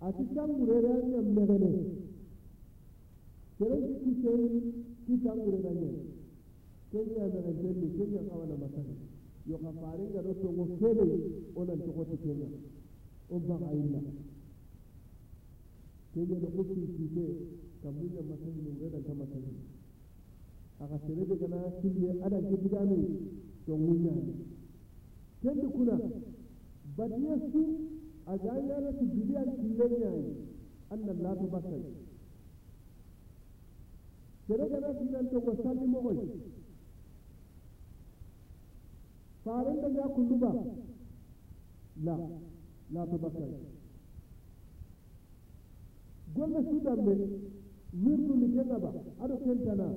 ati tangurere anya mmegene kere kikei ki tangurere anya kenya megentendi kenya kawana masani yoka faringa do tongo kebe onan togoti kenya ombaka illa kenya no kusi kike kamunya masani ne ureda ta masani aka serede kana kille adan kibigame tongunya kendi kuna badiya su azanyana tu biliyan tilenya annan la tu bakal kere gana tinan to ko salli mo koy faran da ya kullu la la tu bakal golle su dambe mirtu ni kenaba ado kentana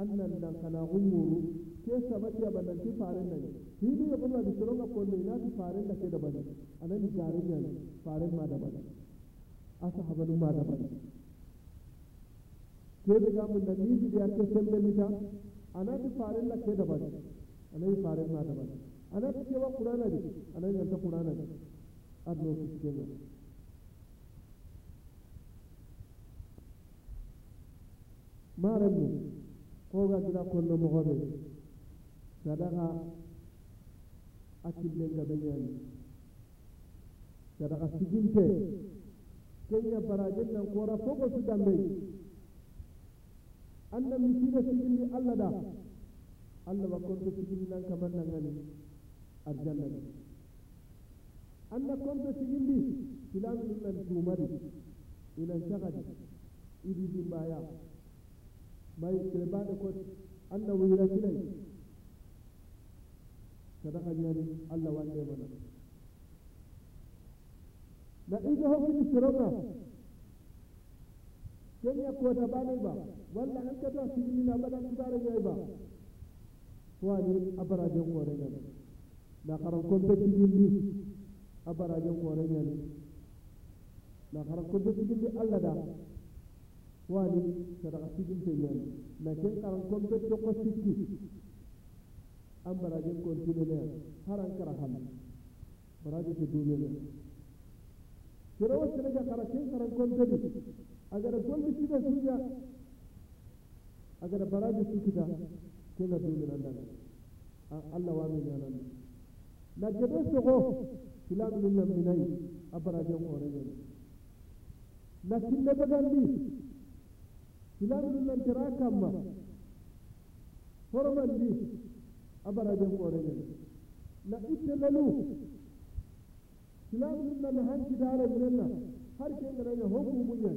annan dan kana umuru ke sabati abananti faran da ne shi ne ya bula da shirin a kwanne na fi farin da ke da bane a nan jarin yan farin ma da bane a sahabanin ma da bane ke da gamun da ni ji ya ke san da mita a nan fi farin da ke da bane a nan farin ma da bane a nan fi kewa kurana ne a nan yanta kurana ne a lokacin cikin nan maran mu ko ga gida kwanne mahobe sadaka hakkillen ga ɓeñaani sadaka siginte ne barajen nan ra fogo su dambe da cikin sigilli allah da allah ba bakkonto cikin nan kamar nan gani arjanna ni cikin konto filan silamin nan tumari inan shagadi idi maya. mai da kot anna wira kilai sadaka ñaani allah wande mana na ɗiga hokkini soroga ken ta banay ba walla an kata siginina mbaɗan tutara ñay ba fowani a barajen koore ñani na karam karan kompe tigindi a barajen koore ñani na karam karan kompe tigindi allah da ko fowani sadaka siginte ñani na ken karan kompe tokko sikki an barajen kontineniyar har an kara hannu baraje ke duniyar sura wacce daga karatun karan kontinu, a gada goldi shi da suya a gada baraje su kita ke na duniyar nan an allah wa min yanan na gada su ko filan min nan minai a barajen oreniyar na kille bagandi filan min nan tirakan ma bi. abarajen koren na ita lalu silamun na hanci dara na har ke ngana ne hokku munya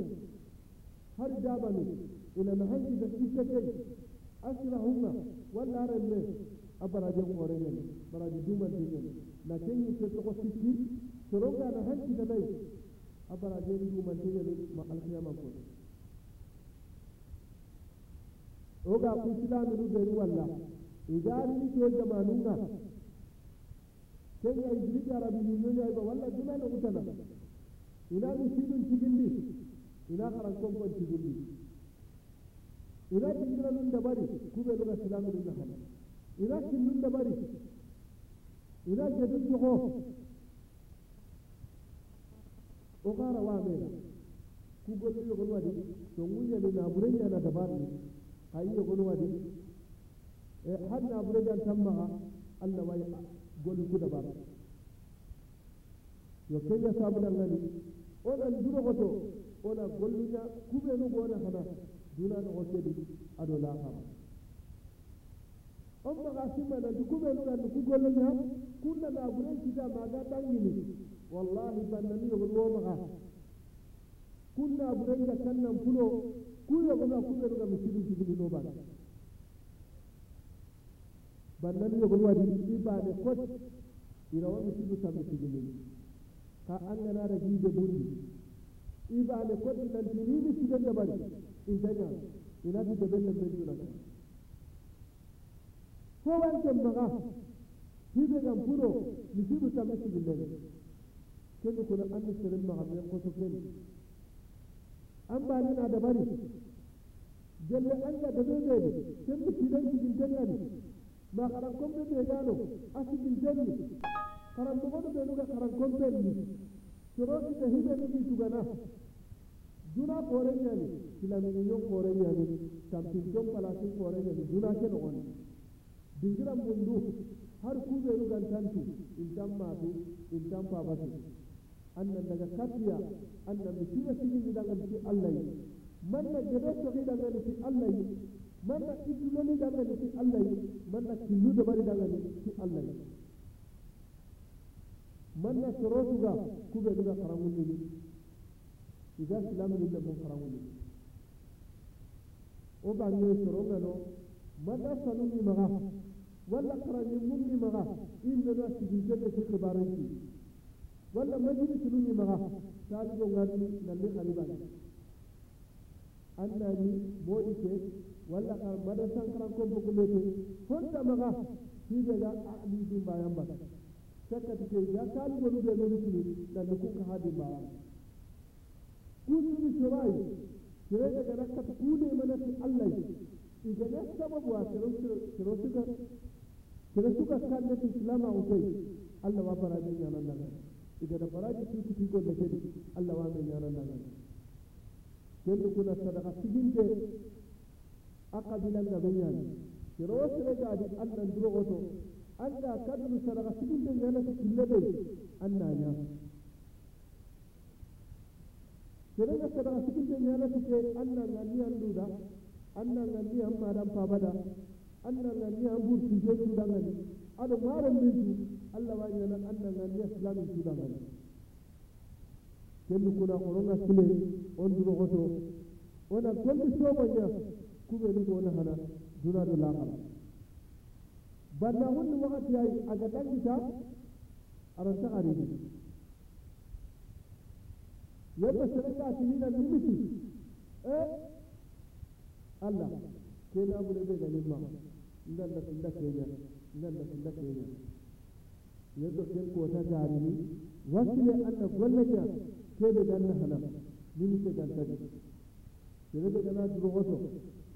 har ne ina na hanci da ita kai asira hunna wala har ne abarajen koren ne barajen duman ne na ken yi ce ko siki suroga na hanci da lai abarajen duman ne ma alkiyama ko oga kun silamun da ni wallahi ni sai ya yi idan ujahilike jamanunga kenya izilike arabiliyoni ayba walla dumene utana ina misidun tigindi ina karankonkon tigindi ina tingiranun dabari kubenuga silaminunga hana ina kinnun dabari ina jedun jogo ogara wamena kugollu yogonuwadi to ŋuñani naburenñana dabari ayi yogonuwadi hanna burejan tamma allah way gol kuda ba yo kenya sabulan ngani onan duro goto ona golluña kuɓenu gona hana dunano o kedi aɗo ha on maga simmananti da ku golluña da buren kita maga ɗangini wallahi bannani yogon womaga kunna da kannan fulo ku yogona kuɓenuga mi ba sigininoɓaga bannan yogol waɗi da kot irawami sibu samɓe sigilin ha anganaɗa jiide ɓurɗi ɗiɓaɗe kot nantirimi da bari in daña inati Ko benjurata fo wanken maga hiɓe gam puɗo mi sibu samɓe sigillen kenni kono anni seren maga men koso ken an mbanina dabari jelle anga debeɓeɓe kemɓe siɗan sigin tengani ma karan kombe be gano asibin jenni karan bogoɗo ɓe nuga karan kompenni soroti te hiɓe nugi tugana juna koreñani silamini yon koreñani tampin jon palasin koreñani juna ke nogoni dingiran bundu har kuɓe nugan tantu in tan mafi in tan pabatu annan daga kattiya annan mi siga siginɗiɗangan fi allah yi man na geɗe togiɗangan fi allah yi man da manda iduloni dangane ci allah yi manda killu dabari dangane ci allah yi manda sorotuga kube duga karangundini iga silamininde mun karangundini wo bange sorongano manda sanumi maga walla karani mumni maga imbenoa sigintede si kibarenki walla majilisinumi maga taaligo ngarni nalli karibani annani moɗi ke wala ka mada sankara ko buku lete ta maga hibe ga ali di bayan ba saka tike ya kali golu be golu tuni da nuku ka hadi bayan kusu ni shirai shirai daga nakka ku ne mana ti allah ga ne sababu wa shirai shirai suka shirai suka kan da islama kai allah wa fara faraji ya nan nan ga da faraji su ki ko da ke allah wa ne ya nan nan kun kuna sadaqa siginte حق بلن بيان شروس لجاد أن ندرغتو أن لا كدل سرغ سبيل بيانة كل بي أن نانيا شرغ سرغ سبيل بيانة كي أن نانيا لودا أن نانيا مادام فابدا أن نانيا بور سجد لودا أنا مارم بيجو الله وانيا أن نانيا سلام لودا kendu kuna oronga sile on durogoto ona golde somoña kuɓeni gona hana dunado lakala banda hunde wakati ay aga Ya aran saharini yobɓe senega na limiti e allah ke namune ɓe ganimma ndanda so ndakkeña ndanda so ndakkeña neɗɗo ken kota garini wakkile allah golleña keɓe ganna hana nimite gan tadi seneɓe gana durogoto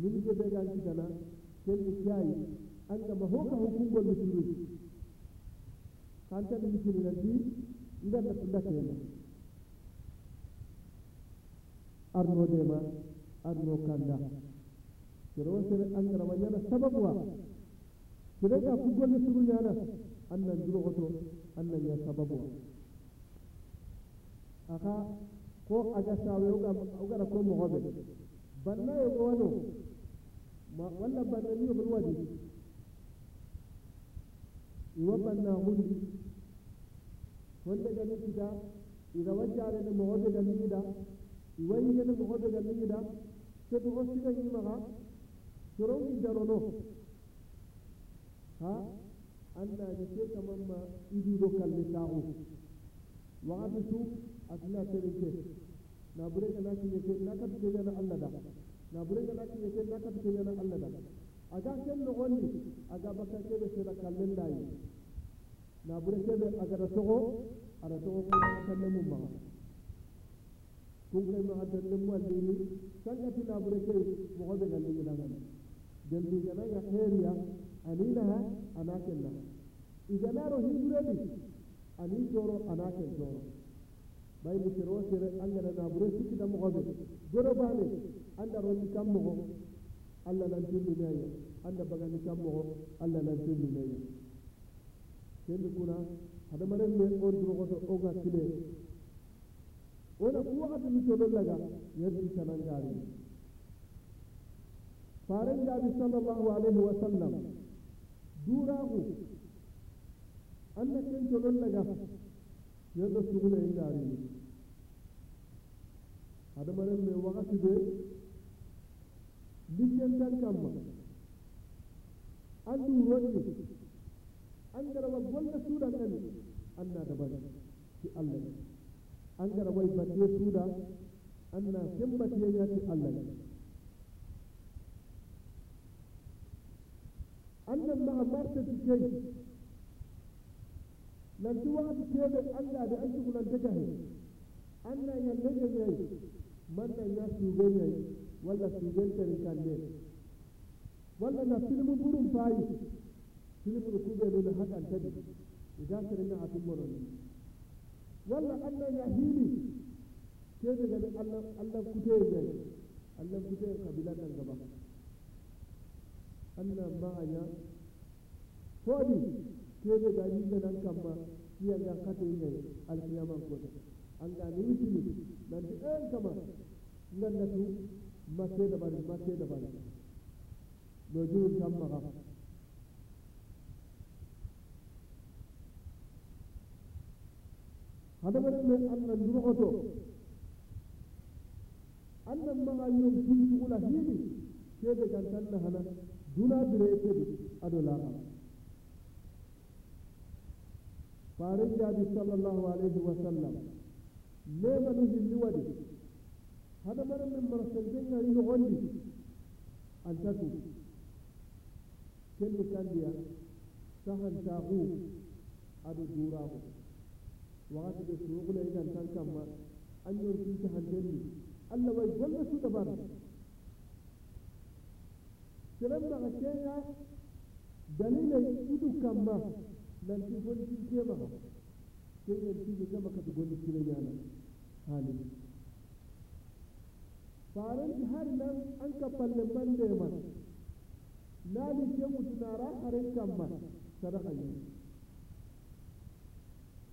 min ke be ga ci dana ken ci ay an ga ma hoka hu kungo mi ci ni kan ta mi ci ni la ci nda na tu dake na kanda kero se an ga ma yana sababu wa kero ga kungo mi ci ni yana nan duro oto an nan sababu wa aka ko aga sawe uga uga ko mo hobe banna ya ga wani wannan banna ne bil wadi iwa banna hundi wanda gani ni kita ida wajjare ne mohobe ga ni da iwa yi ne mohobe ga ni da ke to osi ga yi maka soron ki rono ha anna ga ke kamar ma idi do kalli ta'u wa'abitu a tere ke na bude ga na ki ne na ka tuke yana na Allah da na bulenga na ki yake na kata kenya na Allah da aga ken no woni aga baka ke be sira kallen dai na bure ke be aga da togo ada togo ko na kallen mun ma kun kai ma ada nan mu alini kan ka tilla bure ke mu ko be kallen da nan jalbi ga ya heriya aninaha anakenna iganaro hinduredi ani toro anaken toro bay mu tero sere angana na bure sikida mo ko be goro bane anda rondi kam mogo alla lan tindinaya anda bagandi kam mogo alla lan tindinaya kendi kuna hadamaren me on durogoto oga kile wona ku wakati mi toɗo laga yerdi sanangari faren jaabi sallallahu alayhi wa sallam duuraku anda ken toɗon laga yerɗo suguna e ngarini hadamaren me wakati ɓe diggantal kamma an ɗum wonni an gara wal wonde suuɗa ɗen anna daban ti allah ne an gara way baɗɗe suuɗa anna sembatiyeña ti allah ne annan maa marta ti key nanti waati teeɓe anndaade an cukalanteka he anna ñandeñañayi manna ña suuɓeñayi walla suuɓeltere kannden walla na filme ɓurum paayi filme ɗo kuuɓe ɗo no haqan kadi ida serenga a tummonon walla allah nga hiini kede gani allah allah kutee ñayi allah kabila kabilannan gaba allah maaña fooɗi kede ga yimɓenan kamma siyanga kate ñayi alkiyaman An anga ni witini nanti en kama ngannatu مكي دبالي مكي دبالي نجوم كم مغا هذا بس أن نرغتو أن مغا يوم كنت أولا هيني كيف كان تلنا هنا بريكي أدو لاغا فارجا صلى الله عليه وسلم لما نهي لودي هذا مرة من مرة الجنة اللي عندي التكو كل كان بيا سهل تاغو أدو دوراو وقت بسوق لإذا كان كما أن يرسل سهل جنة الله ويجل سو دبارا سلام بغشينا دليل يدو كما لن تقول في كيما كيما تيجي كما كتقول في ليانا هالي فارن هر نم انك بل من ديمان نالي جيمو تنارا حرين كم من صدقه يوم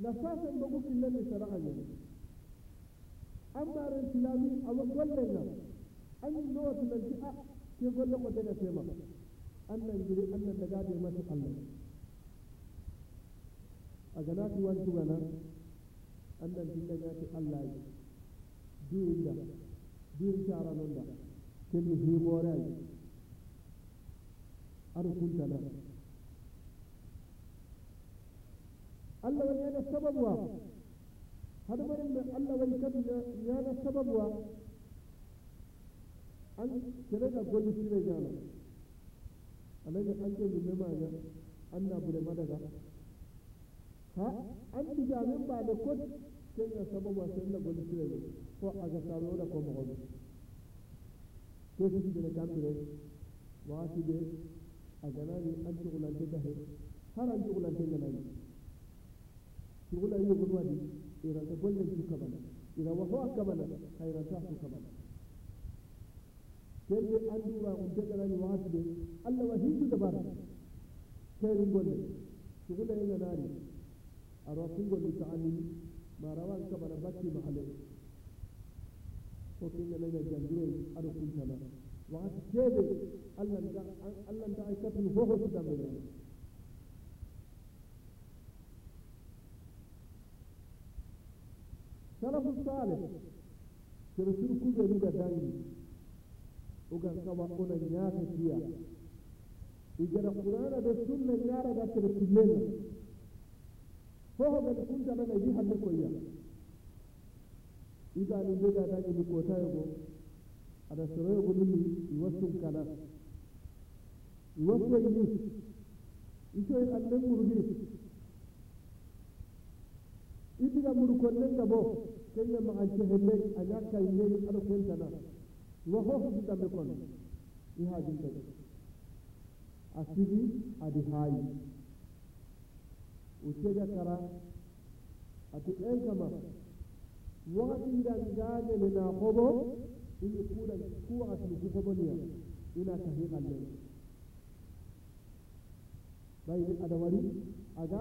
لفاسا بقوك اللي صدقه يوم أما الإسلامي أو كل لنا أن نوع من جاء يقول لك أن من أن يجري أن النجاد ما تقل أجنات وانتوانا أن الجنة الله دون الله دين شعر الله كل في بوراي أرسل تلك الله ولي أنا السبب واقع هذا من الله ولي كم يانا السبب واقع أن كلنا قولي في رجالة أنا أنت من مماجة أن أبو لمدغة ها أنت جامعين بعد كل كنت سبب واقع كلنا قولي في رجالة ko aga sawe la ko mo ko to ci de kamre waati de aga na ni an to la de tahe har an to la de na ni to la yo ko wadi ira ta bolle ci kabala ira wa ho kabala khayra ta su kabala kende an dura on de na ni waati de alla wa hindu da bara kayrin golle to la ina nari ara kungo ni ta'ani ma rawan kabala bakki mahale fotinna nanga jangiroy aɗo kuntana wakati ceede allah nda ay katunu fof ho sudamɓe salafu sale sere surkuɓe nuga dangi ogan kawa ona ñaaka tiya i gara qur'ana do sunna ñaaraga sere tillenga fof hogan kuntanana yi hande koyya iga ni bega ta ni ko ta yego ada soro yego ni iwasu kala iwasu ni iso en alle murhi idiga muru kolle ka bo kenya ma an ce helle anya kai ne ada ken kana wa ho hu da me kon i ha jin ta asiri adi hayi uce ga kara ati en kama wahadiran gane le na hobo ini kuɗan kuwa tini ku hoboniya ina tahiqan le bayni aɗa wari aga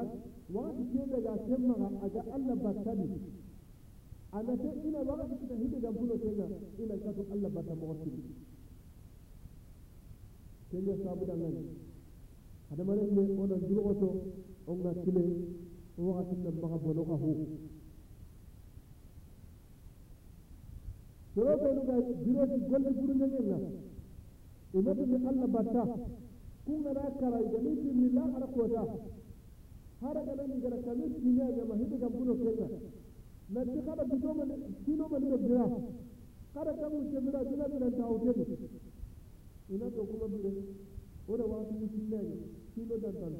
wakati keɓega temmaga aga allah battani anate ina wakati kita hiɓegan pulo tenga ina kato allah batta mogottini kenya sabudangani hadamaren me onan durogoto onga kile wakatin nan maga bonoga hu soro ko no biro ti golle buru ne ngena e mabbe mi Allah batta ku ngara kara ga ni la ara kota har ga nan ga kalu ti ne ga mahidi ga buru kenna na ti kada bi to man ti no bira kada kan mu ce bira ta bira ta ina to kuma bira wanda wa su ne no dan dan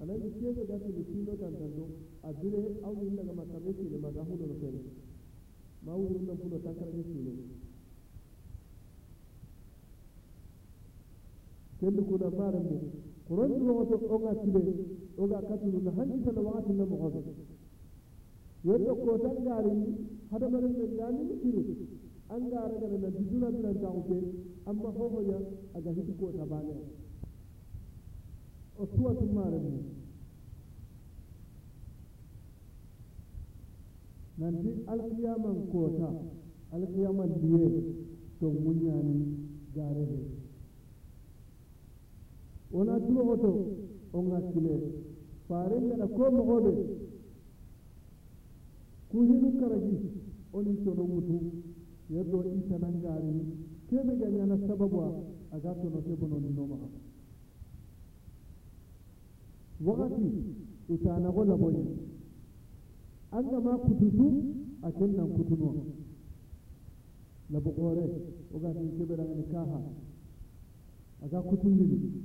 anan ke ga ga ti ti no dan dan a bire au inda ga makamiti ne maga hudu ne mawuru nan pulo tankara ni sino kendu kuna mara ne kuran duro wato oga tibe oga katulu na hanji sana wakati na mugozo yadda ko tangari hada marin da gani mutiru an gara gana na dijuna duran ta uke amma hohoya a ga hiti ko ta bane o suwa sun mara mu nanti alkiyaman kota alkiyaman diye to munyani ne ona turo oto onga kile faren gaɗa ko mogoɓe ku hinu karaji oni no mutu yeddo itanan garini keɓe gañana sababu a aga tono kebononinomaa wakati itanago boyi an gama kututu a cin nan kutunuwa labu ƙore oga sun kibira ni kaha a ga kutun lili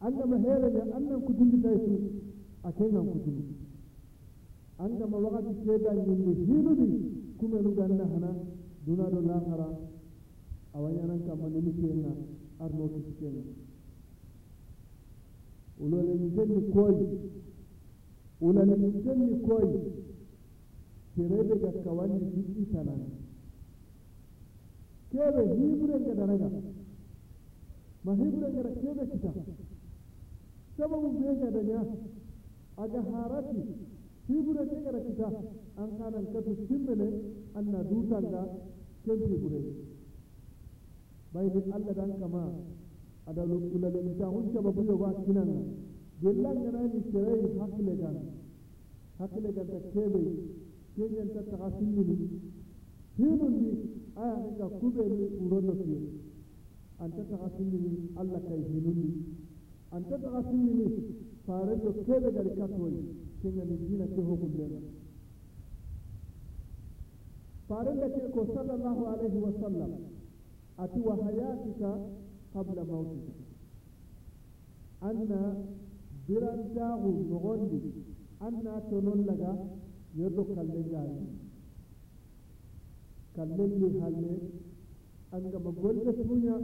an gama hera ne an nan kutun lili su a cin nan kutunu an gama wakati ke da yin da hilubi kuma nuga na hana duna da lahara a wani nan kama ni muke na arno kisikin ulolin jini koyi ulananiten koyi kerebe ga kawanni fi itanan kebe hiburen ga daraga ma hiburen ga kebe kita sababu be ga danya aga harati hiburen ga kita an kanan katu timmene anna dutanga ken bai bayni allah dan kama ada ulananita hun sababu yo ba kinanga gellanganaani serei hakkilegan hakkilleganta keɓey keñanta taxa simmini hinundi ayaxenga kuɓeni urono fiye anta taxa simmini allah kay hinundi anta taxa simmini farenɗo keɓe gari katoy kengani dina ke hogundena farenga ke ko sallallahu alayhi wa sallam ati wa hayatika qabla mautika anna biran daagu nogondi anna tonon laga yodo kallengaani kallenni halle angama golle tuuña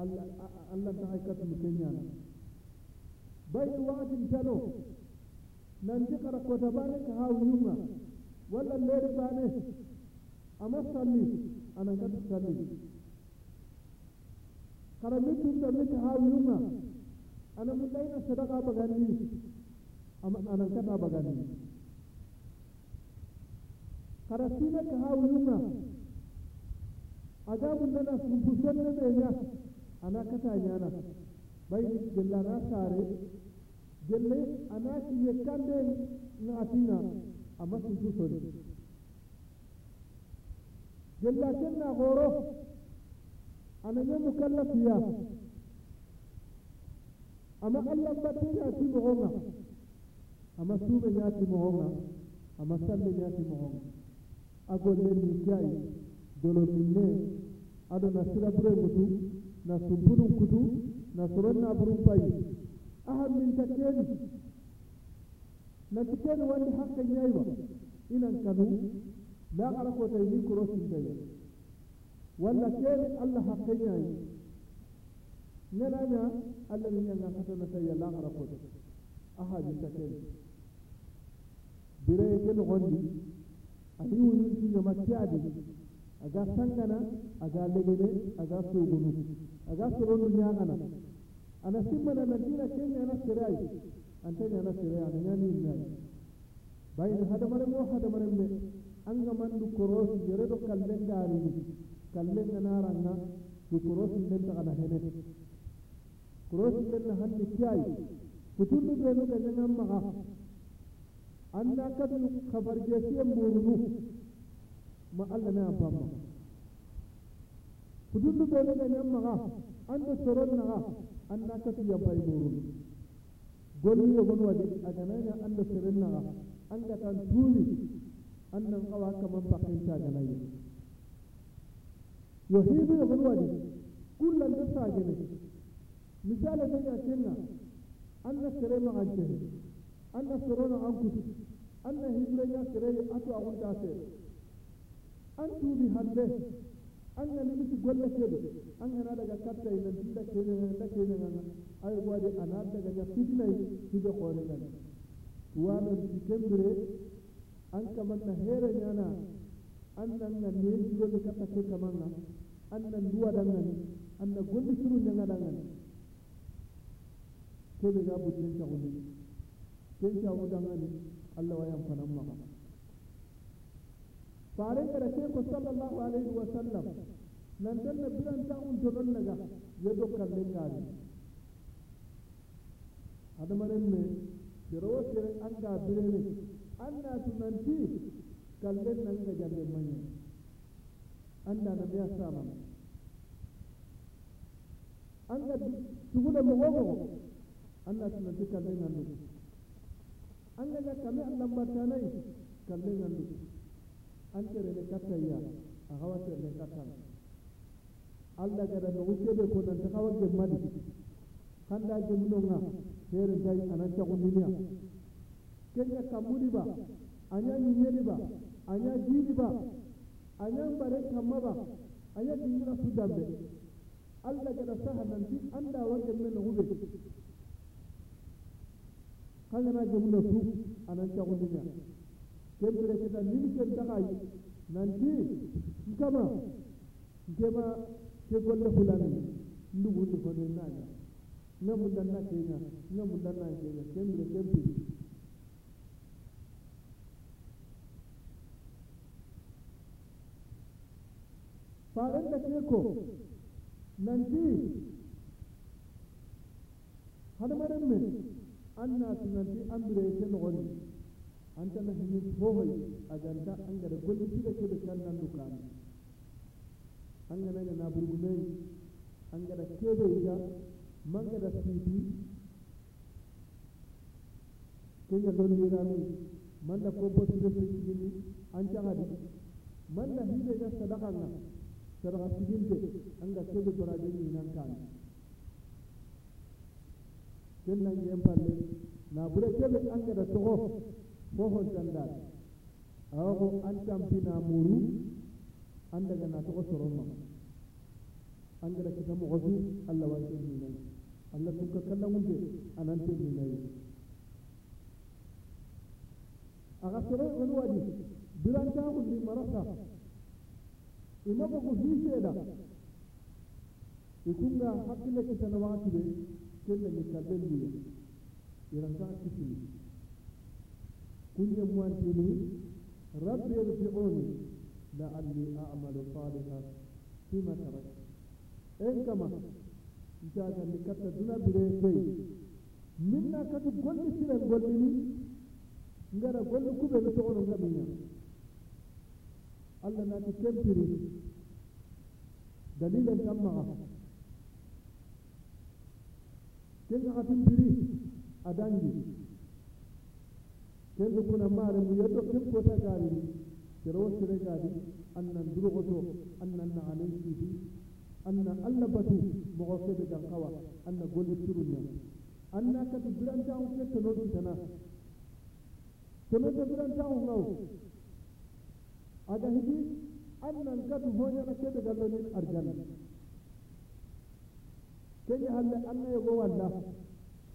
allah taxay katulu keñaana baytu waatin tano nanti qara kota baane ka haa wiyunga walla leere baane ama salli anangatu salli qara mittunta miti haa wiyunga ana mun daina sadaka bagani amma anan kada bagani karatu na ka hawo yuna azabun da na sun fusan na da ya ana kata yana bai gilla na sare gille ana ki ya kande na atina amma sun fusan gilla ken na goro ana ne mukallafiya أما الله باتي ياتي مهونا أما سوبة ياتي مهونا أما سلبة ياتي مهونا أقول لي من جاي دولو من لي أدو نسيرا بره مدو نسوبونو كدو نسورنا برو باي أهم من تكين نتكين وان حق يايوا إلا كانوا لا أعرف وتيني كروس الجاي ولا كين الله حق يايوا نرانا الذي ينغا خطنا سيا لا غرفوت احد يتكلم بري كل غندي اني ونيت في ما كادي اغا سانغنا اغا لغبي اغا سوغونو اغا سوغونو نيا انا انا سيمنا مدينة كيني انا سيراي انت انا سيراي انا نيني نيا باين هذا مره مو هذا مره مي انغا ماندو كروس يردو كالنداري كالنداري نارانا في كروس نتغنا هنا na kurosi ɗen hande tiyayi futunɗuɓe nuka ɓe gagan maga anda kadi no kabarje siye mborunu ma allah na bamma futunɗuɓe no ɓe gan maga anda soron naga anda kadi yabbay mborunu golli yogon waɗi aganaga anda seren naga anda kan tuuri annan awa kaman pakinta ganayi yo hiɓe yogon waɗi kullan de sagene misali zai ya cinna an na sere no an ce an na sere no an kutu an na hijira ya sere a to a hunta se an tubi hande an na limiti golle kedo an yana daga katta ina dinda kenan da kenan ay wadi ana daga ya fitnai kige kore nan tuwanon dikembire an na hera ñana an nan nanna neejigoɓe kaɓa ke kamanna an nan duwaɗan ngani an na golli suru ñagaɗan ngani kebe ga butin ta hudu ken ta hudu ngani Allah wa yan fanan maka fare kare sai ko sallallahu alaihi wa sallam nan dan na biran ta un to don naga ya dokkar den gari adamaren me kiro sire an ga birene an na tunanti kallen nan ga jalle manya an da na biya sama an ga tugu da magogo alla tunanti kallen handu angega kame allambattanay kallen handu an terene kattayya a hawa terene kattan allah gada wuce keɓe ko nanti hawa gemmadi handa gemmunonga herentay anan cagundiniya kenya kammudi ba yi anya ni ba anya jiini ba anya mbare kamma ba yi dingina su dambe allah gada saha an da wa gemme nogu ɓe halnana gemule fu anan cagundina kembire kita nin ken taxay nanti nkama nkema ke golle hulani ndugundi fone naña nga mundanna keña nga mundanna keña kembire kempi faɗanda ke ko nanti hadamaren men anna tunanti ambire ken goni antana hini hohoy aganta angada golli tiga kebe kannan dukani angana na burgunai angada kebe ida ya siti kenya don man da ko bosu de sigini anta hadi manda hide ga sadaka nga sadaka siginte anga kebe goraje ni nan kani ken nan yen palle na bure kebe an gada togo fo hon tanda awa ko an tampi na muru an daga na togo soron ma an gada kita mo gosu Allah wa ke ni nan Allah kun ka kallan wunde anan te ni nan aga sore on wadi duran ta ko ni marasa imako ko hiseda ikunga hakkile kitana waati be tenda mikalben duya irasa kitini kunya mwantini rabbi irji'uni la'alli a'malu salihan fima taraktu en kama jaga mi katta duna bire kay minna kadi golli siren gollini ngara golli kuɓe mi to ono ngamiña allah naati kempiri dalilen tan maxa كيف عاتم بريه أدانجي كيف كنا مارا ميدو كيف كنا كاري كروس ركاري أن ندرغتو أن نعليك به أن ألبتو مغفبة القوى أن نقول الترنيا أن نكت برانتاو كيف تنوزو تنا تنوزو برانتاو غو أدهدي أن نكت هونيا كيف تنوزو أرجاني kenge halle annayogo walla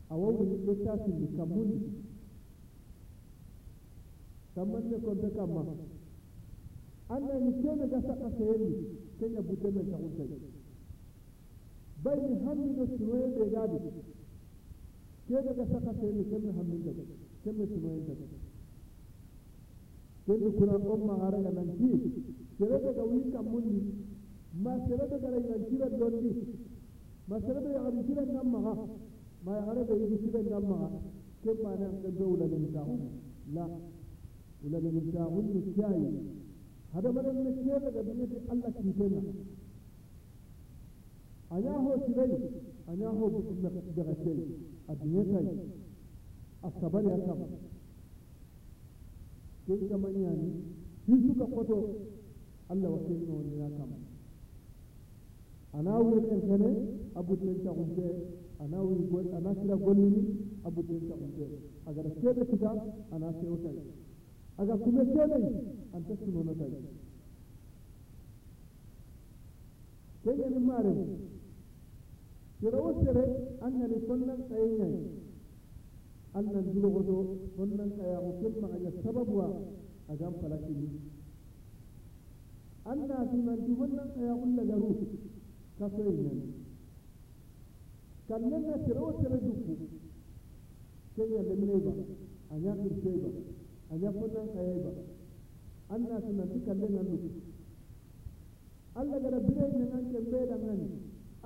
a wawri ɗo casilli kam ta kammanne konte kamma annani kene ga saɗɗa seendi kenya budde men tahuntay bayni hammiɗo sinoyen ɓe gaadi kene ga ke seendi su hamminta da sinoyenta kende kuna omma haraga nanti serede ga wi kam mundi ma serede gara nantiran don ɗi مثلا بي غادي يجي لنا ما ما يغادي بي يجي لنا ما كما نعمل دولة من تاون لا ولا من تاون الكاي هذا بدل من الكاي غادي يجي الله كيفنا أنا هو سيدي أنا هو بسم الله بغسل أدنيتي الصبر يا كم كيف كمان يعني يسوع قطو الله وكيلنا ونيا كمان أنا أول كنتنا أبو تنتا أنت أنا أول أنا كلا قلني أبو تنتا أنت أجر كذا كذا أنا سيو تاي أجر كم كذا أنت سمو نتاي كي أنا ما أعرف ترى وسرة أن أنا سنن سيني أن نزلوه سنن سيام كم أجر سبب وا أجام فلكي أن ناس من جبنا سيقول لجروه نصرين كان لنا تروى تردوكو كي يلمن إيبا أن يأكل شيبا أن يأكل نانك إيبا أنا كنا تكا لنا نوكو ألا قربلين من أنك مبيلا مني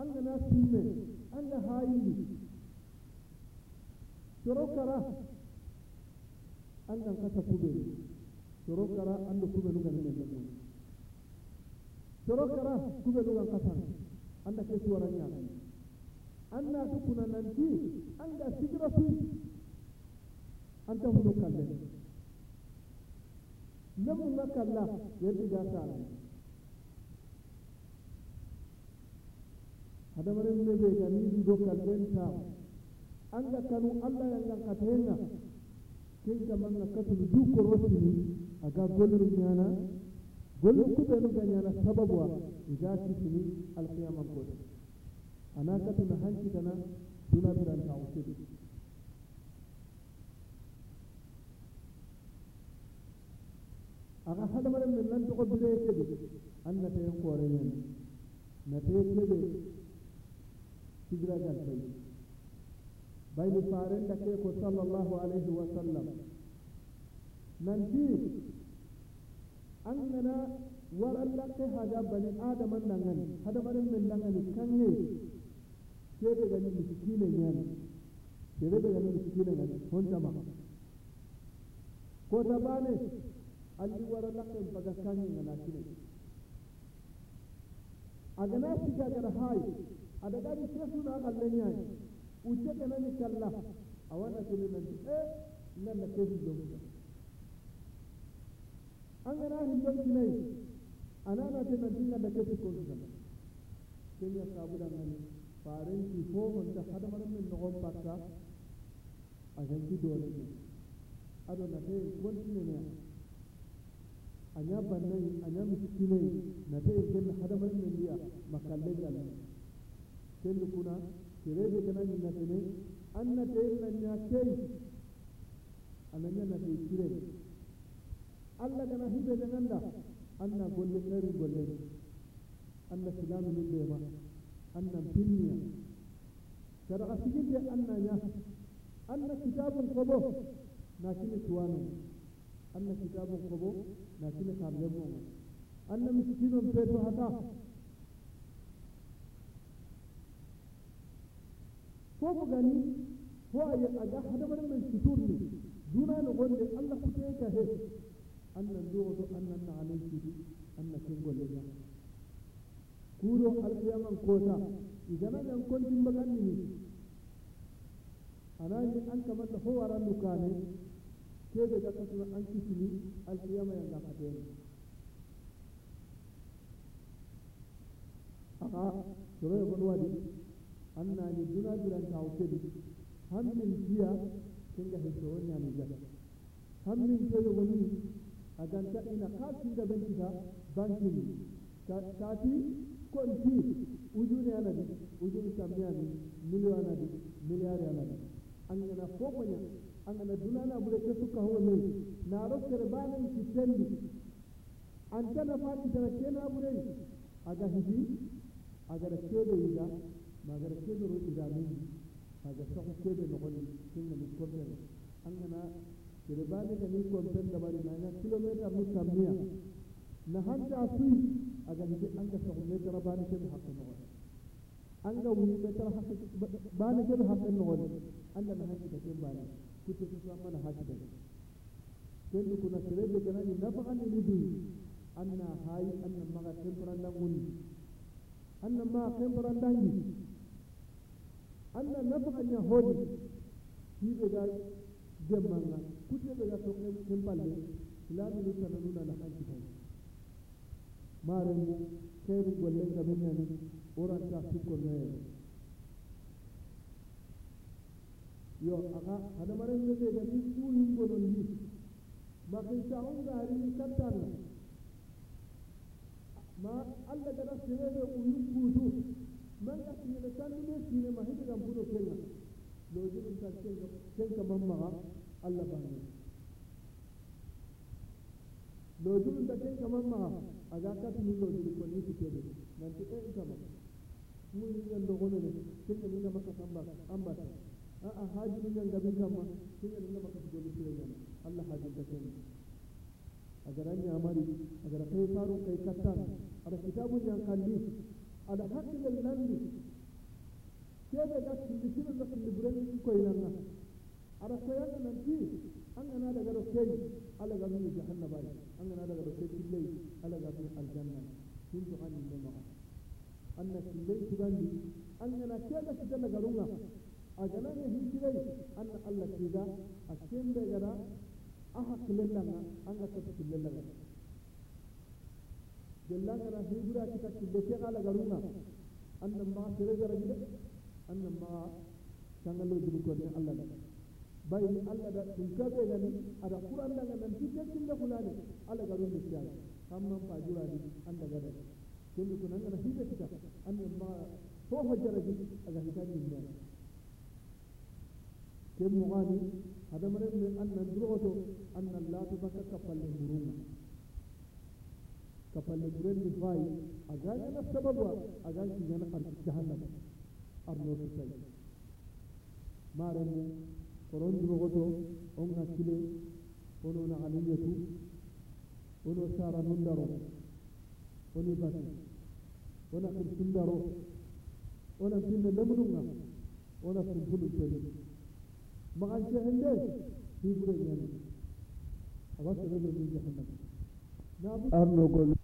ألا ناس مني ألا هايني تروك راه ألا انكتفوا بي تروك راه أنه كوبلوغا من أنك مني تروك راه كوبلوغا انكتفوا annda ke suwara ñaaga anna tukkuna nanti annga sigra su an ta hudo kalle lemu nga kalla yerdiga saala hadama ren ne ɓeega ni ɗiɗo kalɗen taam annga kanu allah yangankat henga kenkamanga katunu duu korotini aga gollir ñaana golle kuɓenu gañana sababu a nga kitini alqiyama kote ana katuna hancitana tuna biranta A ka hadamaren men nan togo bire keɓe an yin na ta natayen koore ñani nataye keɓe hijiragal tayi bayni farenda ke ko sallallahu alaihi wa sallam ji. angana waralla ke hada bani adaman gani hada barin min kan ne ke daga ni miskine ne ke daga ni ne yan honta ma ko ta bane alli waralla ke baga kanne ngana kine agana tiga gar hay adaga ni kesu na kallon yan uce kana ni kalla awana kine nan eh nan na ke kesu don. an gana hindon kinai a nana ta nantina da ke tukun su sai ya sabu da nan farin ki ko honta hadamar min na on bakka a kan ki dole ne ado na te continue ne a nya bannai a nya ne na te ken hadamar min biya makalle da ne ken kuna kire da kana ni na ne an na te na nya kai ananya na te kire الله دنا هي بدنا دا أن نقول نري نقول أن نسلام من دما أن نبني شرع سيدي أن يا أن كتاب قبو ناكين توانو أن كتاب قبو ناكين كاملو أن مسكين بيتو هتا فوق غني هو أجا حدا من الكتور دون أن أقول الله كتير كهيه annan dogoto annan na halen kiti anna kengolleña kuuɗo alqiyaman koota iganagan kontimbagannini anayi an kamanta fo warannu kaane keɓe gakkatuna an ya a kisini alqiyama yangam ateena aka soroye kon waɗi annani dunajurantaaw keɗi hammin fiya kenga hesowonñani jat hammin keyo gonuni a ganta ina kafin da zan shiga bankin kafi ko in ci ujune yana di ujune tambiya ni miliyo yana di miliyari yana di an gana kokonya an gana dunana bure ke suka hawa mai na ba banan ki tendi an ta tana fati na kena bure aga hiji aga da kebe yiga ma ga da kebe ro iga min aga sahu kebe no gonni kinga da kompen an gana kere banan ga ni kompen da bari كيلومتر متر مية نهانجا سوي أجل يجي أنجا سوي متر باني كم حق النور أنجا وين متر حق باني كم حق النور أنجا نهانجا كم باني كيف تسوى ما نهانجا كم كنا سيرجع كنا نبغى نلبي أن هاي أن ما كم براندا موني أن ما كم براندا يجي أن نبغى نهودي كيف جاي جمعنا كتير جاي سوكن كم باني الإسلام يتنون لحاجة هاي ما رمو خير قولنك مننا أوران تحقيق ونهيه يو أغا أنا مرحبا ديك يسو يقول لي ما كنت أعوم داري كتان ما ألا جنا سيرد ويوم بوجو ما يأتي لسان من السينة ما هي تغنبونه كينا لو جنو تحقيق كينا مهمها ألا بانيه lojun da kai kamar ma a ga ka tuni lojun ko ni suke da nan ta ɗan kama mun yi yan gona ne kin da nuna maka san ba an ba a a haji mun yan gabi kan ma kin da nuna maka su gobe su ne Allah haji ka kai a garan ya mari a garan kai faru kai kattan a da kitabun yan kalli a da hakkin lalli ke da ga tilisirin da ne koyi yana nan a da sayar da nan ti an gana daga da kai Allah ga mun jahannaba ne أن ألغى بسيط الليل ألغى في الجنة كنت عن النماء أن الليل تغني أن أنا كيدا كيدا غرونا أجلا يهي كيدي أن الله كيدا أشين بيجرا أحق للنا أن أتبت للنا جلالا هي برا كيدا كيدا كيدا على غرونا أن ما سيرجرا جدا أن ما كان الله يجب أن الله bayni allah da ɗum kaɓe nani aɗa kuran daga nan ti jettinde fulani allah ga ɗon miskiyaɗa hamman fa jurani anda gaɗa jonde ko nangana hiɓe kita annan ma fo hojjaraji aga hitani yimɓeana ken mogani hadamaren ɓe annan durogoto annan latubaka ka palle murunga ka palle murenni fayi agañana sababu a agan kiñana ar jahannama arnoto sayi maremu konon diwogoto on hakkile onona aliyatu ono sara non daro oni batu ona kursun daro ona finne lemnunga ona kumpulu tedi magan cehende hibure ñani awa sebebe min jahannam arnogol